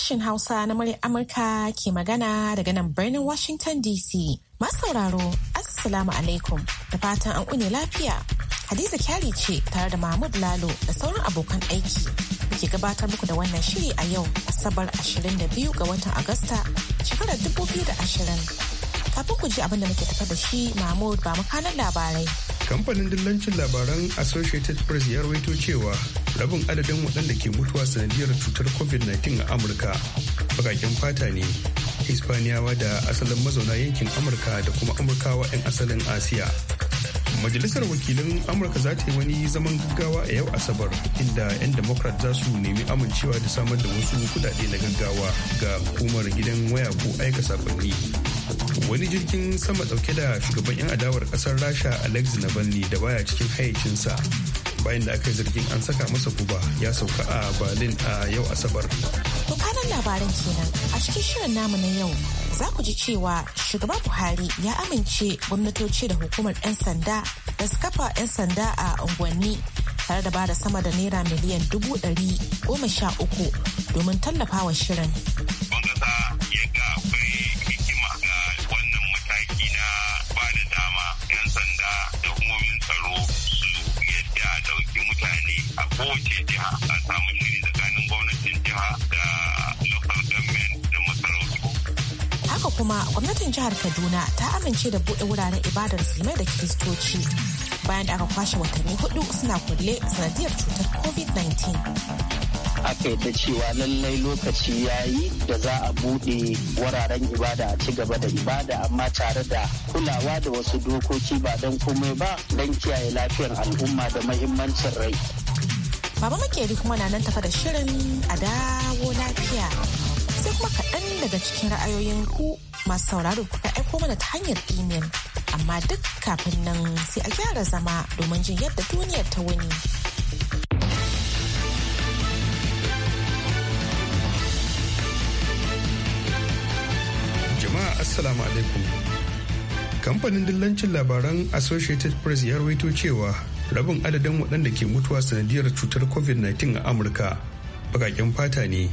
sashen Hausa na murya Amurka ke magana daga nan birnin Washington DC. Masu sauraro, Assalamu alaikum da fatan an ƙune lafiya. Hadiza Kyari ce tare da Mahmud Lalo da sauran abokan aiki. Muke gabatar muku da wannan shiri a yau, Asabar 22 ga watan Agusta, shekarar 2020. kafin ku ji abin da muke tafa da shi mahmud ba makanan labarai kamfanin dillancin labaran associated press ya rawaito cewa rabin adadin waɗanda ke mutuwa sanadiyar cutar covid-19 a amurka bakakin fata ne hispaniyawa da asalin mazauna yankin amurka da kuma amurkawa 'yan asalin asiya majalisar Wakilin amurka za ta yi wani zaman gaggawa a yau asabar inda 'yan democrat za su nemi amincewa da samar da wasu kudade na gaggawa ga hukumar gidan waya ko aika sakonni wani jirgin sama dauke da shugaban 'yan adawar kasar rasha alex navalny da baya cikin hayyacinsa bayan da aka zargin an saka masa guba ya sauka a berlin a yau asabar kanan labaran kenan a cikin shirin namu na yau za ku ji cewa shugaba buhari ya amince gwamnatoci da hukumar 'yan sanda da su kafa 'yan sanda a unguwanni tare da bada sama da naira miliyan dubu ɗari goma sha uku domin tallafawa shirin kowace jiha a samun shiri tsakanin gwamnatin jiha da local government da masarautu. Haka kuma gwamnatin jihar Kaduna ta amince da buɗe wuraren ibadar musulmai da kiristoci bayan da aka kwashe watanni hudu suna kulle sanadiyar cutar COVID-19. aka yi ta cewa lallai lokaci ya yi da za a buɗe wuraren ibada a ci gaba da ibada amma tare da kulawa da wasu dokoki ba don komai ba don kiyaye lafiyar al'umma da mahimmancin rai. Baba muke kuma na nan tafa da shirin a dawo lafiya. Sai kuma kaɗan daga cikin ra'ayoyin ku masu sauraro kuka aiko mana ta hanyar imel. Amma duk kafin nan sai a gyara zama domin jin yadda duniyar ta wuni. Jama'a Assalamu alaikum. Kamfanin dillancin labaran Associated Press ya rawaito cewa rabin adadin waɗanda ke mutuwa sanadiyar cutar covid-19 a amurka bakaken fata ne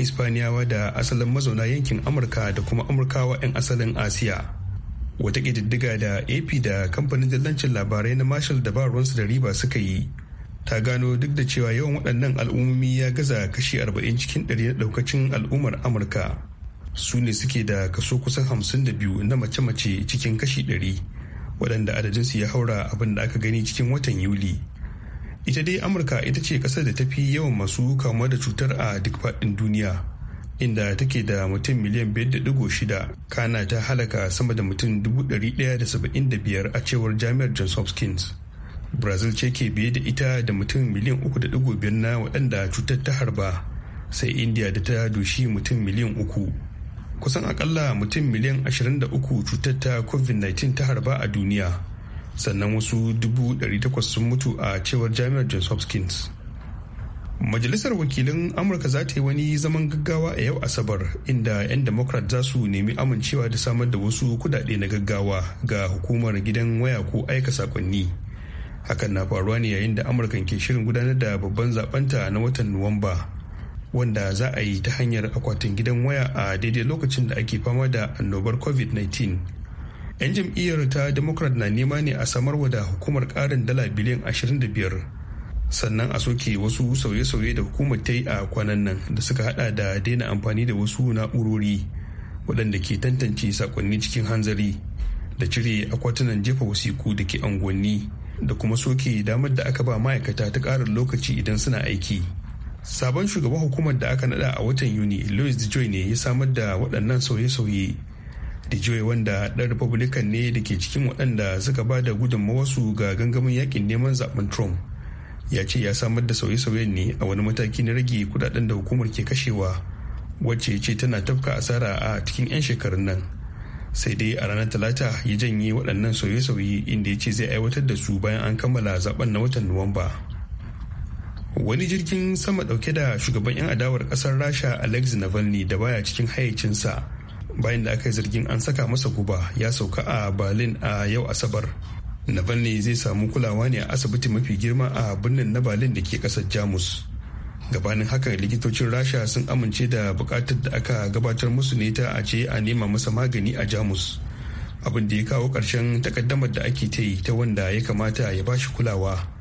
hispaniyawa da asalin mazauna yankin amurka da kuma amurkawa 'yan asalin asiya wata ƙididdiga da ap da kamfanin dillancin labarai na marshall da da riba suka yi ta gano duk da cewa yawan waɗannan al'ummomi ya gaza kashi 40 cikin 100 na ɗaukacin al'ummar amurka su ne suke da kaso kusan 52 na mace-mace cikin kashi 100 waɗanda su ya haura abin da aka gani cikin watan yuli ita dai amurka ita ce ƙasar da ta fi yawan masu kamuwa da cutar a duk faɗin duniya inda take da mutum miliyan 5.6 kana ta halaka sama da mutum 175 a cewar jami'ar johns hopkins brazil ce ke biye da ita da mutum miliyan 3.5 na waɗanda cutar ta harba sai india da ta dushi mutum miliyan uku kusan akalla mutum miliyan 23 cutar ta covid-19 ta harba a duniya sannan wasu 800 sun mutu a cewar jami'ar johns hopkins majalisar wakilin amurka za ta yi wani zaman gaggawa a yau asabar inda 'yan democrat za su nemi amincewa da samar da wasu kudade na gaggawa ga hukumar gidan waya ko aika sakonni hakan na faruwa ne yayin da amurkan ke shirin gudanar da babban zabanta na watan nuwamba wanda za a yi ta hanyar akwatin gidan waya a daidai lokacin da ake fama da annobar covid-19 'yan jam'iyyar ta democrat na nema ne a wa da hukumar karin dala biliyan 25 sannan a soke wasu sauye-sauye da hukumar ta yi a kwanan nan da suka hada da daina amfani da wasu na'urori waɗanda ke tantance sakonni cikin hanzari da cire akwatunan jefa wasiku da ke unguwanni da kuma soke damar da aka ba ma'aikata ta ƙarin lokaci idan suna aiki. sabon shugaban hukumar da aka nada a watan yuni louis dejoy ne ya samar da waɗannan sauye-sauye dejoy wanda ɗan republican ne da ke cikin waɗanda suka ba da gudunmawarsu ga gangamin yakin neman zaɓen trump ya ce ya samar da sauye-sauyen ne a wani mataki na rage kudaden da hukumar ke kashewa wacce ce tana tafka asara a cikin 'yan shekarun nan sai dai a ranar talata ya janye waɗannan sauye-sauye inda ya ce zai aiwatar da su bayan an kammala zaben na watan nuwamba. wani jirgin sama dauke da shugaban 'yan adawar kasar rasha alex navalny da baya cikin hayyacinsa bayan da aka yi zargin an saka masa guba ya sauka a berlin a yau asabar navalny zai samu kulawa ne a asibiti mafi girma a birnin na berlin da ke kasar jamus gabanin haka likitocin rasha sun amince da bukatar da aka gabatar musu ne ta a ce a nema masa magani a jamus abin da ya kawo ƙarshen takaddamar da ake ta yi ta wanda ya kamata ya bashi kulawa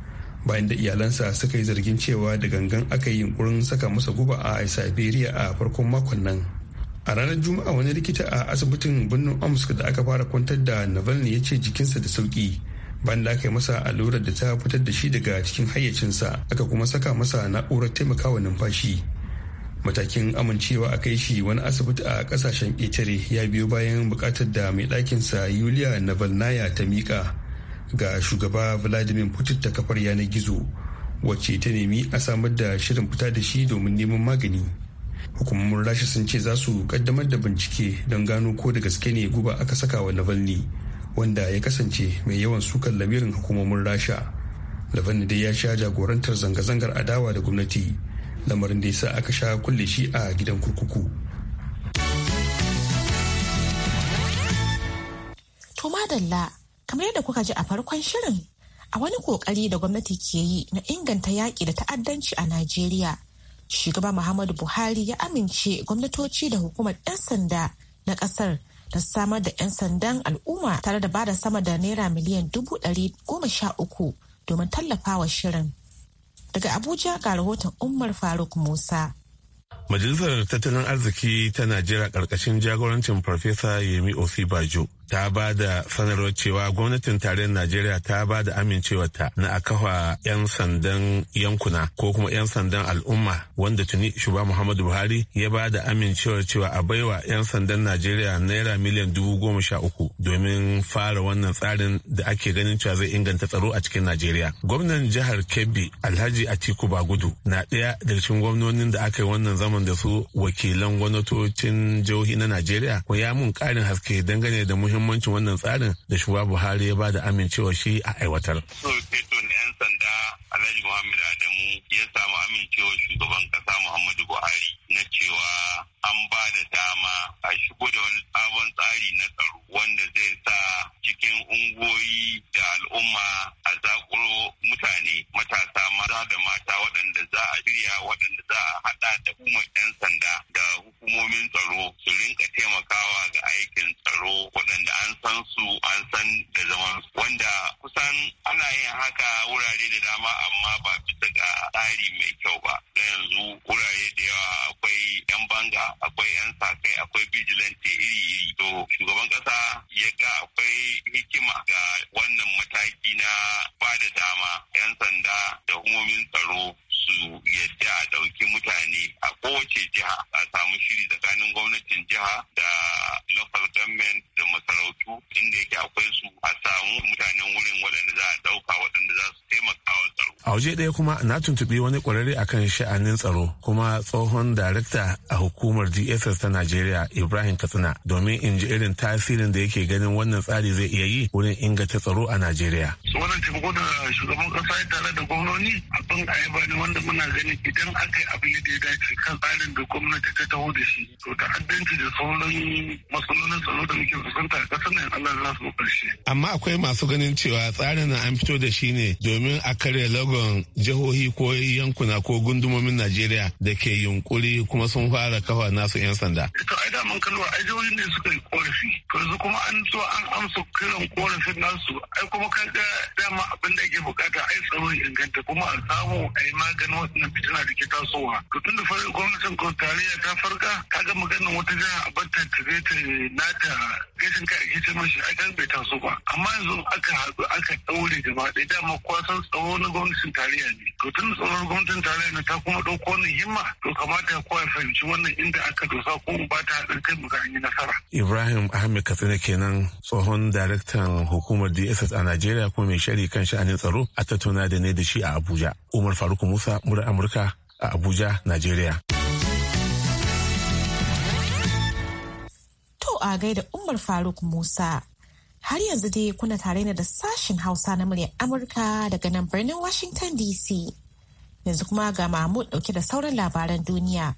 bayan da iyalansa suka yi zargin cewa da gangan aka yi yunkurin saka masa guba a siberia a farkon makon nan a ranar juma'a wani likita a asibitin birnin omsk da aka fara kwantar da navalny ya ce jikinsa da sauki bayan da aka yi masa allurar da ta fitar da shi daga cikin hayyacinsa aka kuma saka masa na'urar taimakawa numfashi matakin amincewa a kai shi wani asibiti a kasashen ƙetare ya biyo bayan buƙatar da mai ɗakinsa yulia navalnaya ta miƙa ga shugaba vladimir putin ta kafar yanar gizo wacce ta nemi a samar da shirin fita da shi domin neman magani hukumomin rasha sun ce za su kaddamar da bincike don gano ko da gaske ne guba aka saka wa navalny wanda ya kasance mai yawan sukan lamirin hukumomin rasha navalny dai ya sha jagorantar zanga-zangar adawa da gwamnati lamarin da ya sa aka sha kulle shi a gidan kurkuku to madalla kamar yadda kuka ji a farkon shirin a wani kokari da gwamnati ke yi na inganta yaƙi da ta'addanci a najeriya shugaba muhammadu buhari ya amince gwamnatoci da hukumar 'yan sanda na ƙasar ta samar da 'yan sandan al'umma tare da bada sama da naira miliyan dubu ɗari goma sha uku domin tallafawa shirin daga abuja ga rahoton umar faruk musa majalisar tattalin arziki ta najeriya ƙarƙashin jagorancin farfesa yemi osibajo ta ba da sanarwar cewa gwamnatin tarayyar najeriya ta ba da amincewarta na a kafa 'yan sandan yankuna ko kuma 'yan sandan al'umma wanda tuni shuba muhammadu buhari ya ba da amincewar cewa a baiwa 'yan sandan najeriya naira miliyan dubu goma sha uku domin fara wannan tsarin da ake ganin cewa zai inganta tsaro a cikin najeriya gwamnan jihar kebbi alhaji atiku bagudu na ɗaya daga cikin gwamnonin da aka yi wannan zaman da su wakilan gwamnatocin jihohi na najeriya ko ya mun ƙarin haske dangane da muhimmanci muhimmancin wannan tsarin da shugaba Buhari ya ba da amincewa shi a aiwatar. So, yan sanda Alhaji Muhammad Adamu ya samu amincewa shugaban kasa Muhammadu Buhari na cewa an ba da dama a shigo da wani sabon tsari na tsaro waje ɗaya kuma na tuntuɓi wani ƙwararre akan sha'anin tsaro kuma tsohon darakta a hukumar dss ta najeriya ibrahim katsina domin in ji irin tasirin da yake ganin wannan tsari zai iya yi wurin inganta tsaro a najeriya wannan taimako da shugaban kasa ya tare da gwamnoni abin a yaba ne wanda muna ganin idan aka yi abin da ya dace kan tsarin da gwamnati ta taho da shi to ta'addanci da sauran matsalolin tsaro da muke fuskanta a ƙasar nan allah za su ƙarshe amma akwai masu ganin cewa tsarin nan an fito da shi ne domin a karya lagon jihohi ko yankuna ko gundumomin Najeriya da ke yunkuri kuma sun fara kafa nasu 'yan sanda. To ai daman kalwa ai jihohi ne suka yi korafi. yanzu kuma an so an amsa kiran korafin nasu ai kuma kan ga dama abin da ake bukata ai tsaro inganta kuma a samu ai maganin na fitina da ke tasowa. To tun da farin gwamnatin ko tarayya ta farka ta ga maganin wata jiha a batta ta zai ta nata gashin ka ake ce mashi ai kan bai taso ba. Amma yanzu aka haɗu aka ɗaure gaba ɗaya dama kwasan tsaro na gwamnatin ta tarayya ne to tun da tsoron gwamnatin tarayya ne ta kuma ɗauko wannan himma to kamata kowa ya fahimci wannan inda aka dosa ko ba ta haɗin kai mu ga an yi nasara. Ibrahim Ahmed Katsina kenan tsohon daraktan hukumar DSS a Najeriya kuma mai shari kan sha'anin tsaro a tattauna da ne da shi a Abuja. Umar Faruk Musa, murar Amurka a Abuja, Najeriya. To a gaida Umar Faruk Musa. Har yanzu dai kuna tare ne da sashen Hausa na muryar Amurka daga nan birnin Washington DC. Yanzu kuma ga Mahmud dauke da sauran labaran duniya.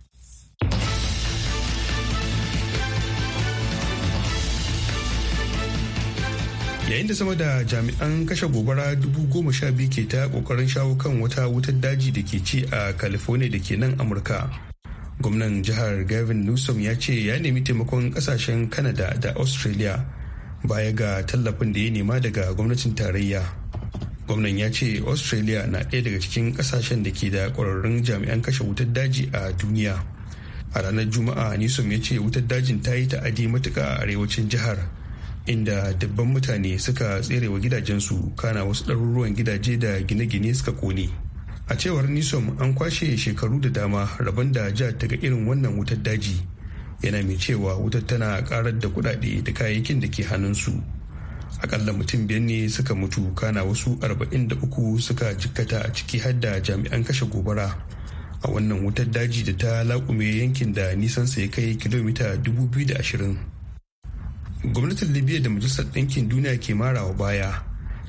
yayin da sama da jami'an kashe gobara dubu goma sha biyu ke ta kokarin shawo kan wata wutar daji da ke ci a california da ke nan amurka gwamnan jihar gavin newsom ya ce ya nemi taimakon kasashen canada da australia baya ga tallafin da ya nema daga gwamnatin tarayya gwamnan ya ce australia na ɗaya daga cikin ƙasashen da ke da ƙwararrun jami'an kashe wutar daji a duniya a ranar juma'a nisom ya ce wutar dajin ta yi ta'adi matuka a arewacin jihar inda dabban mutane suka tsere tserewa gidajensu kana wasu ɗaruruwan gidaje da gine-gine suka kone a cewar nisom an kwashe shekaru da dama rabon da jihar ga irin wannan wutar daji yana mai cewa wuta tana karar da kudade da kayayyakin da ke hannunsu akalla mutum biyar ne suka mutu kana wasu 43 suka jikkata a ciki har da jami'an kashe gobara a wannan wutar daji da ta laƙume yankin da nisansa ya kai kilomita 2020 gwamnatin libya da majalisar ɗinkin duniya ke marawa baya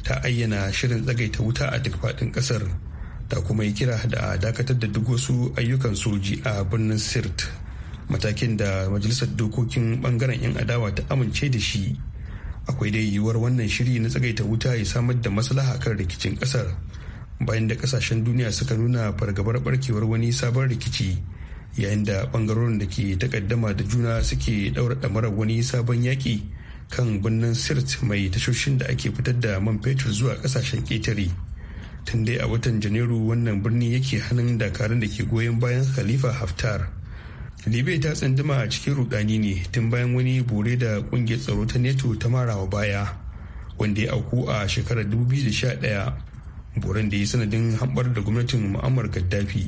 ta ayyana shirin tsagaita wuta a duk faɗin ƙasar ta kuma yi kira da dakatar da duk wasu ayyukan soji a birnin sirt matakin da majalisar dokokin bangaren 'yan adawa ta amince da shi akwai dai yiwuwar wannan shiri na tsagaita wuta ya samar da maslaha kan rikicin kasar bayan da kasashen duniya suka nuna fargabar barkewar wani sabon rikici yayin da bangarorin da ke takaddama da juna suke daura damarar wani sabon yaƙi kan birnin sirt mai tashoshin da ake fitar da man fetur zuwa kasashen ƙetare tun dai a watan janairu wannan birni yake hannun dakarun da ke goyon bayan khalifa haftar libya ta tsanduma a cikin rudani ne tun bayan wani bore da kungiyar tsaro ta neto ta mara wa baya wanda ya auku a shekarar 2011 boren da ya sanadin hambar da gwamnatin mu'ammar gaddafi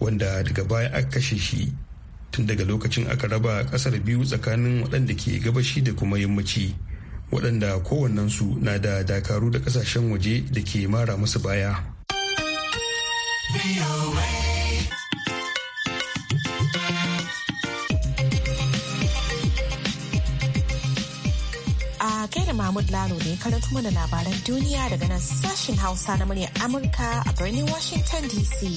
wanda daga baya aka kashe shi tun daga lokacin aka raba kasar biyu tsakanin waɗanda ke gabashi da kuma yammaci waɗanda kowannensu na da dakaru da ƙasashen waje da ke mara masu baya. da Mahmud Lalo ne karanto mana labaran duniya daga nan sashen Hausa na muryar Amurka a birnin Washington DC.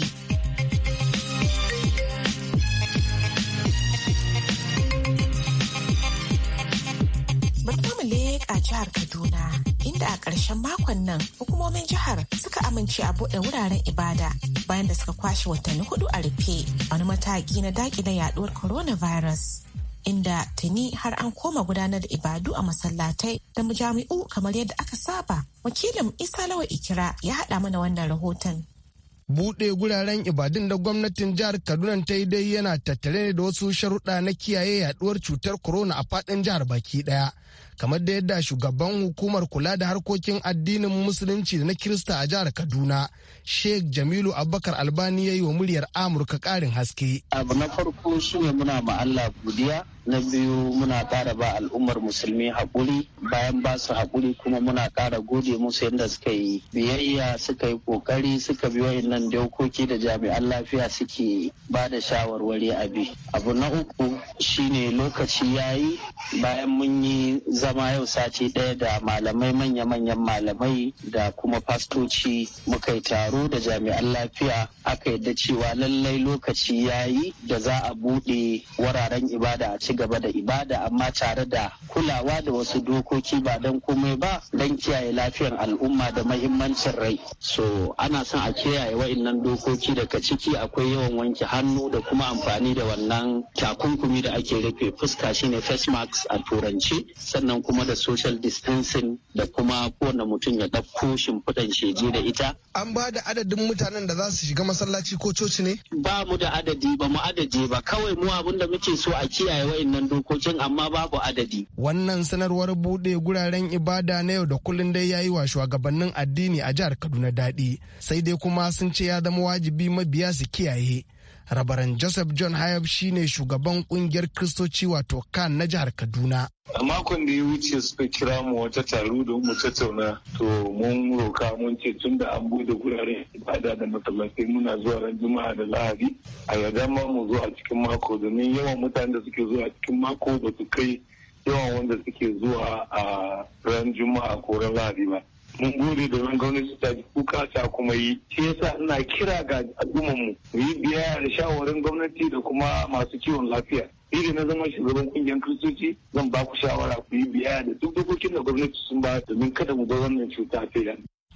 mu leƙa jihar Kaduna inda a ƙarshen makon nan hukumomin jihar suka amince a buɗe wuraren ibada bayan da suka kwashe watanni hudu a rufe wani mataki na daƙile na yaduwar coronavirus. inda tuni har an koma gudanar da ibadu a masallatai da mujami'u kamar yadda aka saba wakilin isa lawa ikira ya haɗa mana wannan rahoton buɗe guraren ibadun da gwamnatin jihar kaduna ta yi dai yana tattare da wasu sharuɗa na kiyaye yaduwar cutar corona a faɗin jihar baki ɗaya kamar da yadda shugaban hukumar kula da harkokin addinin musulunci da na kirista a jihar kaduna sheikh jamilu abubakar albani ya yi wa muryar amurka karin haske abu na farko shine muna ma allah godiya na biyu muna ƙara ba al'ummar musulmi haƙuri bayan ba su haƙuri kuma muna ƙara gode musu yadda suka yi biyayya suka yi ƙoƙari suka bi wayannan dokoki da jami'an lafiya suke ba da shawarwari a bi abu na uku shine lokaci yayi bayan mun yi zama yau sati ɗaya da malamai manya-manyan malamai da kuma fastoci muka yi taro da jami'an lafiya aka yadda cewa lallai lokaci ya yi da za a buɗe wararen ibada a ci gaba da ibada amma tare da kulawa da wasu dokoki ba don komai ba don kiyaye lafiyar al'umma da mahimmancin rai so ana son a kiyaye wa'innan dokoki daga ciki akwai yawan wanke hannu da kuma amfani da wannan takunkumi da ake rufe fuska shine face mask a turanci sannan sannan kuma da social distancing da kuma kowane mutum ya ɗauko shimfiɗan sheje da ita. An ba da adadin mutanen da za su shiga masallaci ko coci ne? Ba mu da adadi ba mu adadi ba kawai mu abin da muke so a kiyaye wainnan dokokin amma babu adadi. Wannan sanarwar buɗe guraren ibada na yau da kullun dai ya yi wa shugabannin addini a jihar Kaduna daɗi sai dai kuma sun ce ya zama wajibi mabiya su kiyaye. rabaran joseph john hayab shine shugaban kungiyar kristoci wato kan na jihar kaduna a makon da ya wuce suka kira mu wata taro da mu tattauna to mun roka mun ce tun da an bude guraren ibada da masallatai muna zuwa ran juma'a da lahadi a yadda ma mu zo a cikin mako domin yawan mutanen da suke zuwa a cikin mako ba su kai yawan wanda suke zuwa a ran juma'a ko ran lahadi ba mun gode domin gwamnati ta kuka ta kuma yi shi yasa ina kira ga al'ummarmu mu yi biyayya da shawarin gwamnati da kuma masu kiwon lafiya ni da na zama shugaban kungiyar kristoci zan ba ku shawara ku yi biyayya da duk dokokin da gwamnati sun ba domin kada mu ga wannan cuta ta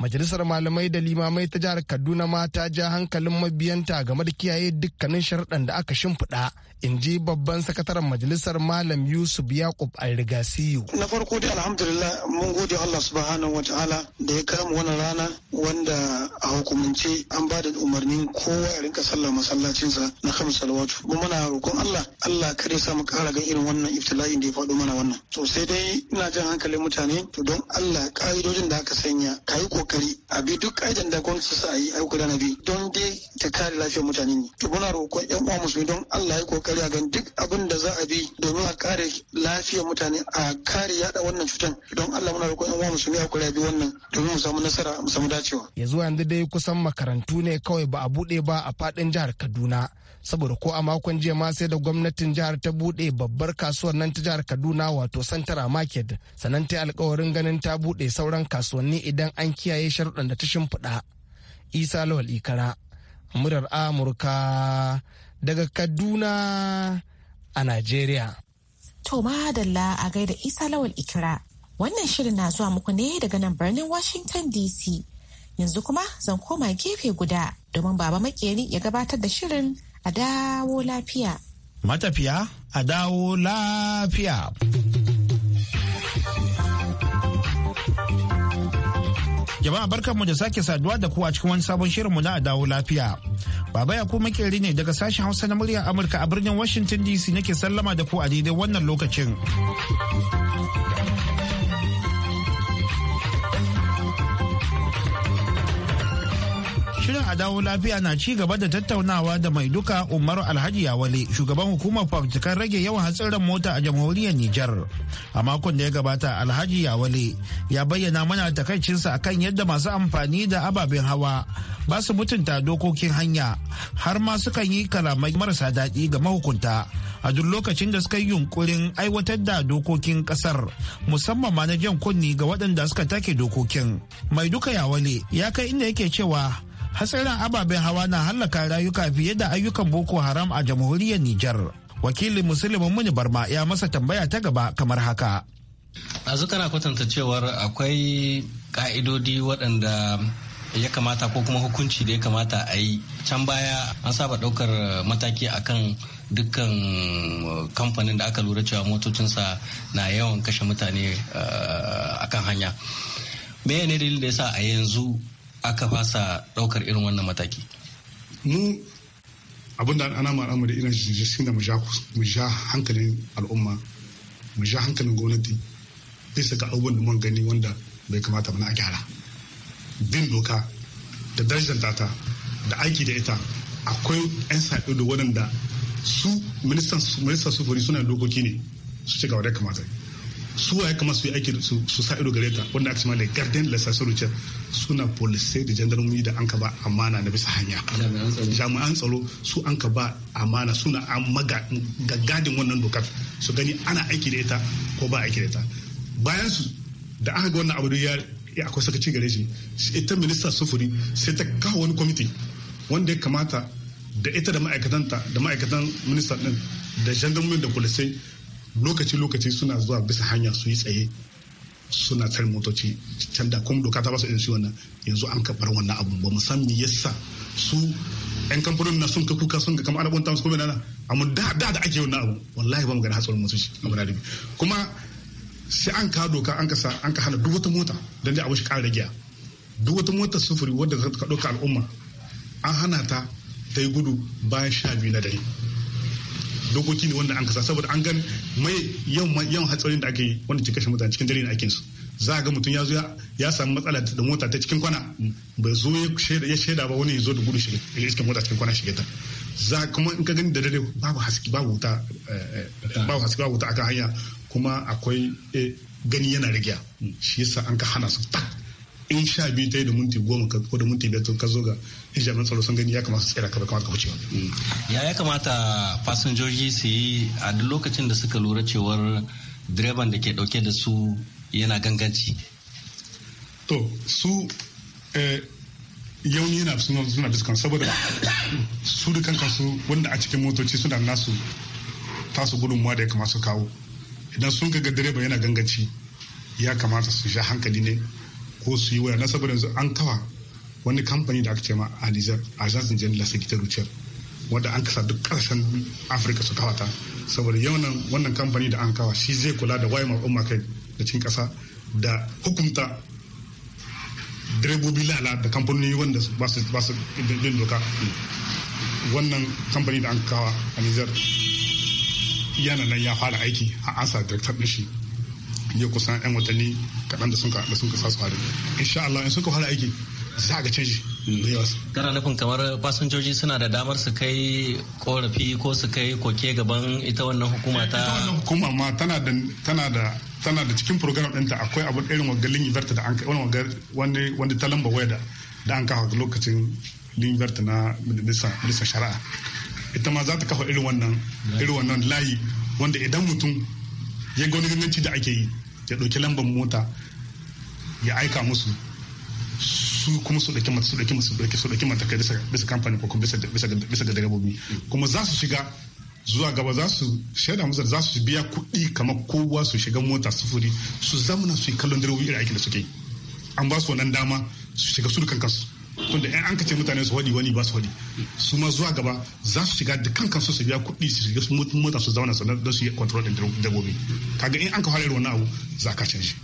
Majalisar malamai da limamai ta jihar Kaduna ma ta ja hankalin mabiyanta game da kiyaye dukkanin sharɗan da aka shimfiɗa, in ji babban sakataren majalisar Malam Yusuf Yakub Alrigasiyu. Na farko dai alhamdulillah mun gode Allah subhanahu wataala da ya kama wani rana wanda a hukumance an ba da umarnin kowa ya rinka sallah masallacinsa na kan salawatu. Kuma muna roƙon Allah Allah ya sa mu ƙara ga irin wannan iftila'in da ya faɗo mana wannan. sosai dai ina jan hankalin mutane to don Allah ƙa'idojin da aka sanya ka yi hankali a bi duk aikin da gwamnati sa a yi aiko da nabi don dai ta kare lafiyar mutane ne to muna roƙon yan uwa musulmi don Allah ya kokari a gan duk abin da za a bi domin a kare lafiyar mutane a kare yada wannan cutan don Allah muna roƙon yan uwa musulmi a kula bi wannan domin mu samu nasara mu samu dacewa ya yanzu dai kusan makarantu ne kawai ba a buɗe ba a faɗin jihar Kaduna saboda ko a makon jiya ma sai da gwamnatin jihar ta bude babbar kasuwar nan ta jihar kaduna wato santara market sannan ta yi alkawarin ganin ta bude sauran kasuwanni idan an kiyaye sharuɗan da ta shimfiɗa isa lawal ikara murar amurka daga kaduna a najeriya to madalla a gaida isa lawal ikira wannan shirin na zuwa muku ne daga nan birnin washington dc yanzu kuma zan koma gefe guda domin baba makeri ya gabatar da shirin a dawo lafiya. Matafiya a dawo lafiya. Jama'a barkanmu da sake saduwa da ku a cikin wani sabon shirinmu na a dawo lafiya. Baba ya kuma makeri ne daga sashen Hausa na muryar Amurka a birnin Washington DC nake sallama da ku a daidai wannan lokacin. Shirin a dawo lafiya na ci gaba da tattaunawa da mai duka umaru Alhaji Yawale, shugaban hukumar fafutukar rage yawan hatsarin mota a jamhuriyar Nijar. A makon da ya gabata Alhaji Yawale ya bayyana mana takaicinsa akan yadda masu amfani da ababen hawa ba su mutunta dokokin hanya har ma su kan yi kalamai marasa daɗi ga mahukunta a duk lokacin da suka yi yunkurin aiwatar da dokokin kasar musamman ma na jan kunni ga waɗanda suka take dokokin. Mai duka Yawale ya kai inda yake cewa hatsarin ababen hawa na hallaka rayuka fiye da ayyukan boko haram a jamhuriyar nijar wakilin musulmin muni barma ya masa tambaya ta gaba kamar haka ɗazu kana kwatanta cewar akwai ka'idodi waɗanda ya kamata ko kuma hukunci da ya kamata a yi can baya an saba ɗaukar mataki akan dukkan uh, kamfanin da aka lura cewa motocinsa na yawan kashe mutane uh, akan hanya me ne dalilin da yasa a yanzu aka fasa ɗaukar irin wannan mataki? Mu abin da ana ma'amu da irin shi da mu ja hankalin al'umma mu ja hankalin gwamnati bisa ga abubuwan da mun gani wanda bai kamata mana a gyara. Bin doka da darajar ta da aiki da ita akwai 'yan sa'ido waɗanda su ministan sufuri suna dokoki ne su gaba wadda kamata. su waye kamar su yi aiki su sa ido gare ta wanda aka cima da garden lasasar rucin suna polisai da jandarmomi da an ka ba amana na bisa hanya jami'an tsaro su an ka ba amana suna an gadin wannan dokar su gani ana aiki da ita ko ba aiki da ita bayan su da aka ga wannan abu ya akwai sakaci gare shi ita minista sufuri sai ta kawo wani kwamiti wanda ya kamata da ita da ma'aikatanta da ma'aikatan minista din da jandarmomin da polisai lokaci-lokaci suna zuwa bisa hanya su yi tsaye suna tare motoci can da kuma doka ta basu yanzu irin wannan yanzu an kabar wannan abu ba musamman yasa su yan kamfanin na sun ka kuka sun ga kamar bonta musu kuma nana amma da da da ake wannan abu wallahi ba mu gani hatsarin motoci a madadi kuma sai an ka doka an ka sa an ka hana duk wata mota dan dai abu wuce ƙara ragiya duk wata mota sufuri wadda ta ka doka al'umma an hana ta ta yi gudu bayan sha biyu na dare dokoki ne wanda an kasa saboda an gan mai yawan hatsarin da ake yi wanda ke kashe mutane cikin dare ne aikin za za ga mutum ya zo ya samu matsala da mota ta cikin kwana ba zo ya shaida ba wani ya zo da gudu shiga cikin iske mota cikin kwana shiga ta za kuma in ka gani da dare babu haske babu wuta eh, eh, babu haske babu wuta akan hanya kuma akwai eh, gani yana rigiya shi yasa an ka hana su tak in sha biyu ta yi da minti goma ko da minti biyar ka zo ga jami'an tsaro sun gani ya kamata su tsira ka kamata ka wuce mm. ya ya kamata fasinjoji su yi a duk lokacin da suka lura cewar direban da ke dauke da su yana ganganci to su eh, yauni yana suna biskan saboda su da kankan su wanda a cikin motoci suna nasu tasu gudunmuwa da ya kamata su kawo idan sun ga direba yana ganganci ya kamata su sha hankali ne ko su yi waya na saboda yanzu an kawa wani kamfani da aka ce ma alizar agence jan lasa gita routière wadda an kasa duk karshen afirka su kawata saboda yawan wannan kamfani da an kawa shi zai kula da wayan al'umma kai da cin ƙasa da hukunta direbobi lala da kamfanoni wanda ba su ba su bin doka wannan kamfani da an kawa a Nijar yana nan ya fara aiki a ansa director din shi ya kusan yan watanni kaɗan da sun ka sa su fara insha Allah in suka fara aiki za ga canji kana nufin kamar fasinjoji suna da damar su kai korafi ko su kai koke gaban ita wannan hukuma ta ita wannan hukuma ma tana da tana da tana da cikin program ɗinta akwai abu irin wagalin iberta da an kai wani wani ba waya da an kawo lokacin linverta na minista shari'a ita ma za ta kafa irin wannan irin wannan layi wanda idan mutum ya ga wani ganganci da ake yi ya ɗauki lambar mota ya aika musu su kuma su ɗauki mata su ɗauki su ɗauki su ɗauki matakai bisa kamfani ko kuma bisa ga dagabobi kuma za su shiga zuwa gaba za su shaida musu za su biya kuɗi kamar kowa su shiga mota sufuri su zamana su yi kallon direbobi irin aikin da suke an ba su wannan dama su shiga su dukan kansu tunda in an kace mutane su waɗi wani ba su waɗi su ma zuwa gaba za su shiga da kan kansu su biya kuɗi su shiga mota su zauna sannan don su yi control da dagobi kaga in an ka fara wannan abu za ka canji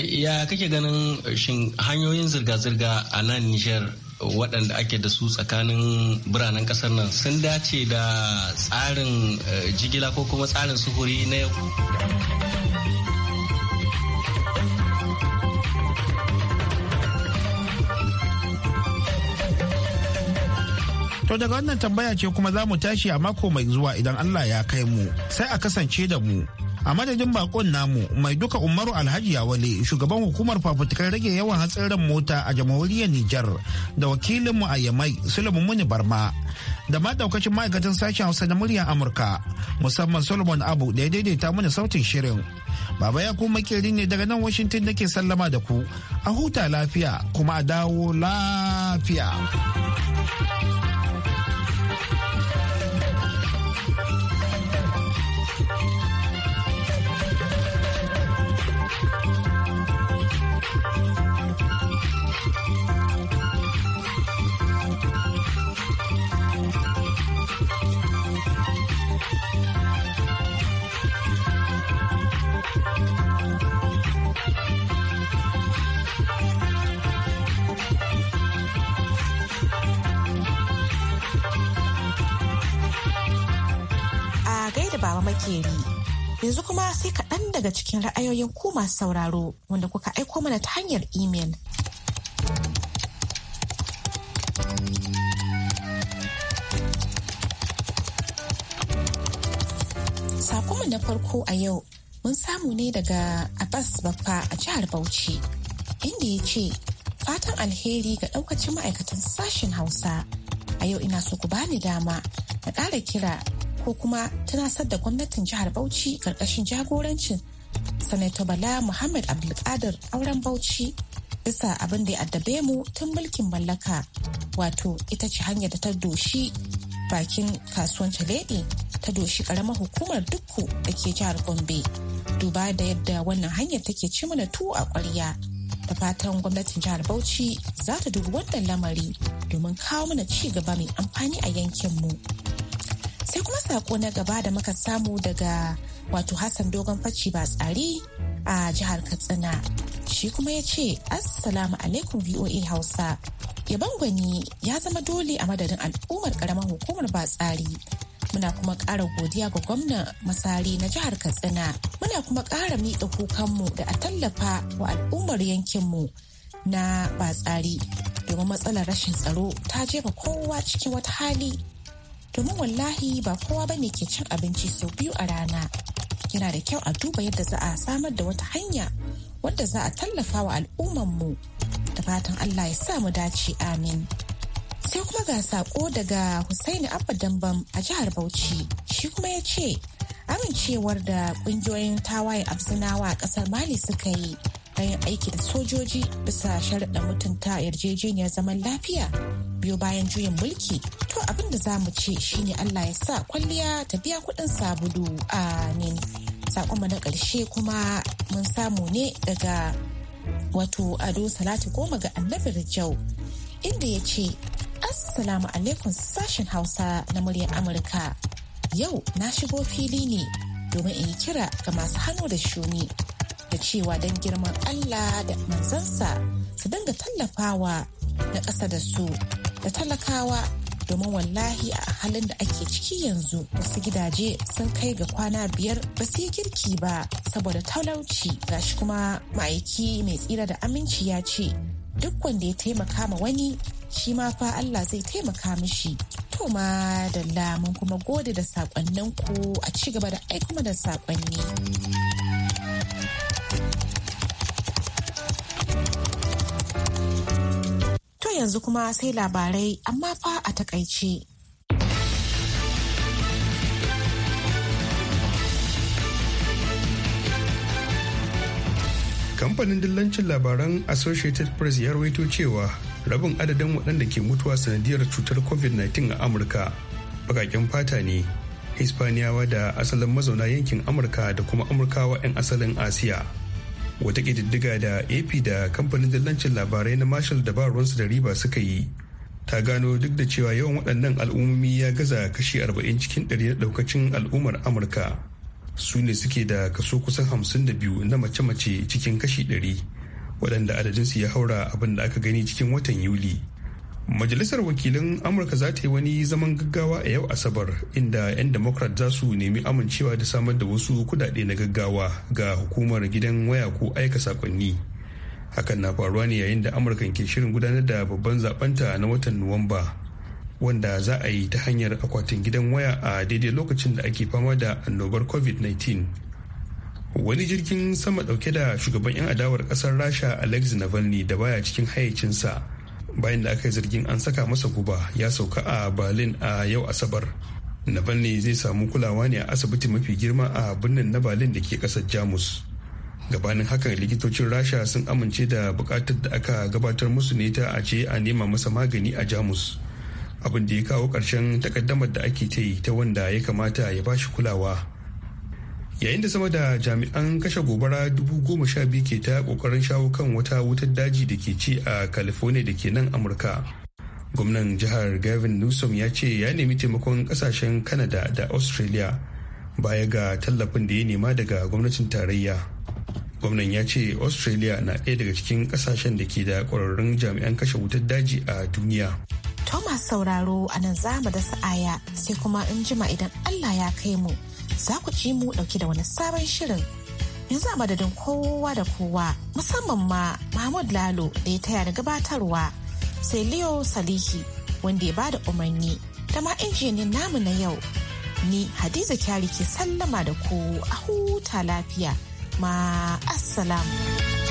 ya kake ganin eh, shin hanyoyin zirga-zirga a nan nijar waɗanda ake da su tsakanin biranen ƙasar nan sun dace da tsarin eh, jigila ko kuma tsarin sufuri na yau To daga wannan tambaya ce kuma za mu tashi a mako mai zuwa idan Allah ya kai mu sai a kasance da mu a madadin bakon namu mai duka umaru alhaji yawale shugaban hukumar fafutukar rage yawan hatsarin mota a jamhuriyar nijar da wakilinmu a yamai sulaiman muni barma da ma daukacin ma'aikatan sashen hausa na muryar amurka musamman solomon abu da ya daidaita mana sautin shirin baba ya kuma makeri ne daga nan washington da ke sallama da ku a huta lafiya kuma a dawo lafiya yanzu kuma sai kaɗan daga cikin ra'ayoyin ku masu sauraro wanda kuka aiko mana ta hanyar imel. Sakonmu na farko a yau mun samu ne daga Abbas Baffa a jihar Bauchi inda ya ce fatan alheri ga ɗaukacin ma'aikatan sashen Hausa. A yau ina so ku bani dama na ƙara kira ko kuma tana da gwamnatin jihar Bauchi karkashin jagorancin Sanato Bala Muhammad Abdulkadir auren Bauchi bisa abin da ya addabe mu tun mulkin mallaka wato ita ce hanyar da ta doshi bakin kasuwan Chaledi ta doshi karamar hukumar dukku da ke jihar Gombe duba da yadda wannan hanyar take ci mana tuwo a ƙwarya da fatan gwamnatin jihar Bauchi za ta dubi wannan lamari domin kawo mana ci gaba mai amfani a yankinmu. mu. sai kuma sako na gaba da muka samu daga wato hassan dogon facci ba tsari a jihar katsina shi kuma ya ce assalamu alaikum voa hausa yaban gwani ya zama dole a madadin al'ummar karamar hukumar ba tsari muna kuma ƙara godiya ga gwamnan masari na jihar katsina muna kuma ƙara miƙa kukanmu da a tallafa wa al'ummar yankinmu na batsari domin matsalar rashin tsaro ta jefa kowa cikin wata hali domin wallahi ba kowa bane ke cin abinci sau biyu a rana yana da kyau a duba yadda za a samar da wata hanya wadda za a tallafa wa al'ummanmu da fatan allah ya sa mu dace amin sai kuma ga sako daga Hussaini Abba Dambam a jihar Bauchi shi kuma ya ce amincewar da kungiyoyin tawayen absinawa a kasar Mali suka yi bayan aiki da sojoji bisa sharaɗa mutunta yarjejeniyar zaman lafiya biyo bayan juyin mulki to abin da za mu ce shine allah ya sa kwalliya ta biya kuɗin sabulu ne, sakonmu na ƙarshe kuma mun samu ne daga wato ado salatu goma ga annabi rijau inda ya ce assalamu alaikum sashen hausa na muryar amurka yau na shigo fili ne domin in yi kira ga masu hannu da shuni da cewa don girman allah da manzansa su dinga tallafawa na ƙasa da su da talakawa domin wallahi a halin da ake ciki yanzu wasu gidaje sun kai ga kwana biyar ba su yi girki ba saboda talauci gashi kuma ma'aiki mai tsira da aminci ya ce duk wanda ya taimaka ma wani shi ma fa Allah zai taimaka mishi to ma da mun kuma gode da sakonninku a ci gaba da aikuma da sakonni. yanzu kuma sai labarai amma fa a takaice. kamfanin dillancin labaran associated press ya rawaito cewa rabin adadin waɗanda ke mutuwa sanadiyar cutar covid-19 a amurka bakaken fata ne hispaniyawa da asalin mazauna yankin amurka da kuma amurkawa 'yan asalin asiya wata ƙididdiga da ap da kamfanin dillancin labarai na marshal da ba ruwansu da riba suka yi ta gano duk da cewa yawan waɗannan al'ummomi ya gaza kashi 40 cikin 100 na ɗaukacin al'ummar amurka su ne suke da kaso kusan 52 na mace-mace cikin kashi 100 waɗanda adadinsu ya haura abin da aka gani cikin watan yuli majalisar wakilin amurka za ta yi wani zaman gaggawa a yau asabar inda 'yan democrat za su nemi amincewa da samar da wasu kudade na gaggawa ga hukumar gidan waya ko aika sakonni hakan na faruwa ne yayin da amurka ke shirin gudanar da babban zabanta na watan nuwamba wanda za a yi ta hanyar akwatin gidan waya a daidai lokacin da ake fama da annobar covid-19 wani jirgin sama dauke da shugaban 'yan adawar ƙasar rasha alex navalny da baya cikin hayyacinsa bayan da aka yi zargin an saka masa guba ya sauka a berlin a yau asabar navalny zai samu kulawa ne a asibiti mafi girma a birnin na berlin da ke kasar jamus gabanin haka likitocin rasha sun amince da bukatar da aka gabatar musu ne ta a ce a nema masa magani a jamus abin da ya kawo ƙarshen takaddamar da ake ta yi ta wanda ya kamata ya bashi kulawa yayin da sama da jami'an kashe gobara dubu goma sha biyu ke ta kokarin shawo kan wata wutar daji da ke ci a california da ke nan amurka gwamnan jihar gavin newsom ya ce ya nemi taimakon kasashen canada da australia baya ga tallafin da ya nema daga gwamnatin tarayya gwamnan ya ce australia na ɗaya daga cikin kasashen da ke da ƙwararrun jami'an kashe wutar daji a duniya thomas sauraro a nan za mu dasa aya sai kuma in jima idan allah ya kai mu za ku ji mu ɗauki da wani sabon shirin. Yanzu a madadin kowa da kowa musamman ma Mahmud Lalo da ya taya da gabatarwa sai Leo Salihi wanda ya bada umarni da ma injiniyan namu na yau. Ni Hadiza Kyari ke sallama da ku a huta lafiya. Ma assalamu.